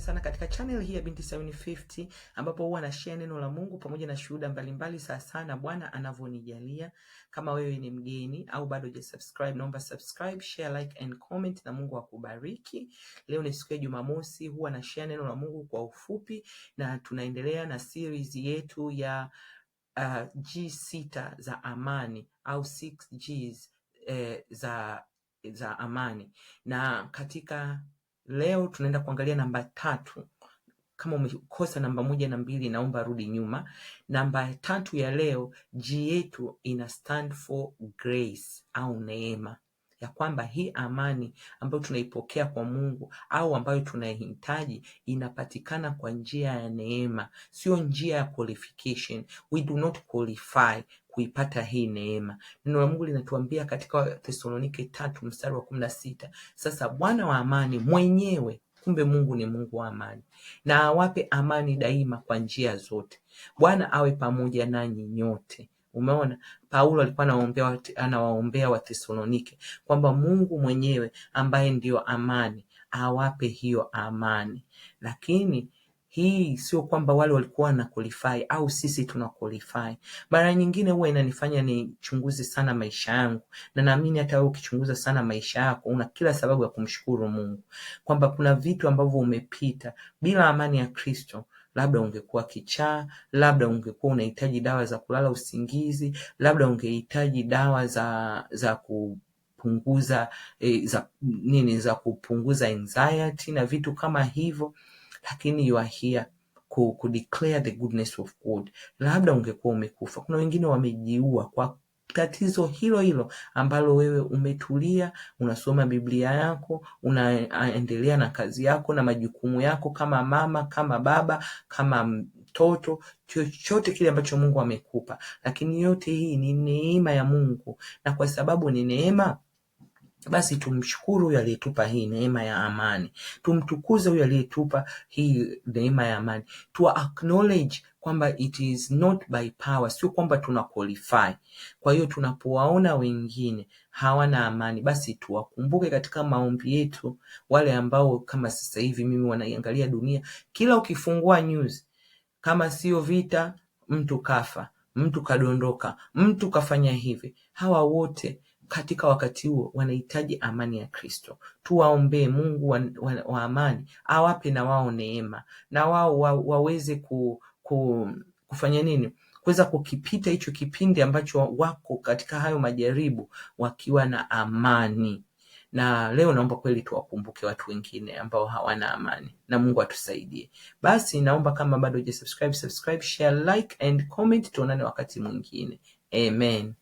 karibuni sana katika channel hii ya Binti 750 ambapo huwa nashare neno la Mungu pamoja na shuhuda mbalimbali saa sana Bwana anavyonijalia. Kama wewe ni mgeni au bado hujasubscribe, naomba subscribe, share, like and comment na Mungu akubariki. Leo ni siku ya Jumamosi, huwa na share neno la Mungu kwa ufupi na tunaendelea na series yetu ya uh, G6 za amani au 6 Gs eh, za za amani na katika Leo tunaenda kuangalia namba tatu. Kama umekosa namba moja na mbili, naomba rudi nyuma. Namba tatu ya leo, G yetu ina stand for grace au neema ya kwamba hii amani ambayo tunaipokea kwa Mungu au ambayo tunaihitaji inapatikana kwa njia ya neema, sio njia ya qualification. We do not qualify kuipata hii neema. Neno la Mungu linatuambia katika Thessalonike tatu mstari wa kumi na sita sasa Bwana wa amani mwenyewe Kumbe Mungu ni Mungu wa amani, na awape amani daima kwa njia zote. Bwana awe pamoja nanyi nyote. Umeona, Paulo alikuwa anawaombea Wathesalonike kwamba Mungu mwenyewe ambaye ndiyo amani awape hiyo amani, lakini hii sio kwamba wale walikuwa wana kulifai au sisi tuna kulifai. Mara nyingine huwa inanifanya nichunguze sana maisha yangu, na naamini hata wewe ukichunguza sana maisha yako una kila sababu ya kumshukuru Mungu kwamba kuna vitu ambavyo umepita bila amani ya Kristo labda ungekuwa kichaa, labda ungekuwa unahitaji dawa za kulala usingizi, labda ungehitaji dawa za za kupunguza e, za nini za kupunguza anxiety na vitu kama hivyo, lakini you are here ku, ku declare the goodness of God. Labda ungekuwa umekufa. Kuna wengine wamejiua kwa tatizo hilo hilo ambalo wewe umetulia unasoma Biblia yako, unaendelea na kazi yako na majukumu yako kama mama, kama baba, kama mtoto, chochote kile ambacho Mungu amekupa. Lakini yote hii ni neema ya Mungu, na kwa sababu ni neema basi tumshukuru huyo aliyetupa hii neema ya amani, tumtukuze huyo aliyetupa hii neema ya amani, tu acknowledge kwamba it is not by power, sio kwamba tuna qualify. Kwa hiyo tunapowaona wengine hawana amani, basi tuwakumbuke katika maombi yetu wale ambao, kama sasa hivi mimi wanaiangalia dunia, kila ukifungua news, kama sio vita, mtu kafa, mtu kadondoka, mtu kafanya hivi. Hawa wote katika wakati huo wanahitaji amani ya Kristo. Tuwaombee Mungu wa, wa, wa amani awape na wao neema na wao wa, waweze ku kufanya nini kuweza kukipita hicho kipindi ambacho wako katika hayo majaribu wakiwa na amani. Na leo naomba kweli tuwakumbuke watu wengine ambao hawana amani, na Mungu atusaidie. Basi naomba kama bado subscribe, subscribe, share, like and comment. Tuonane wakati mwingine, amen.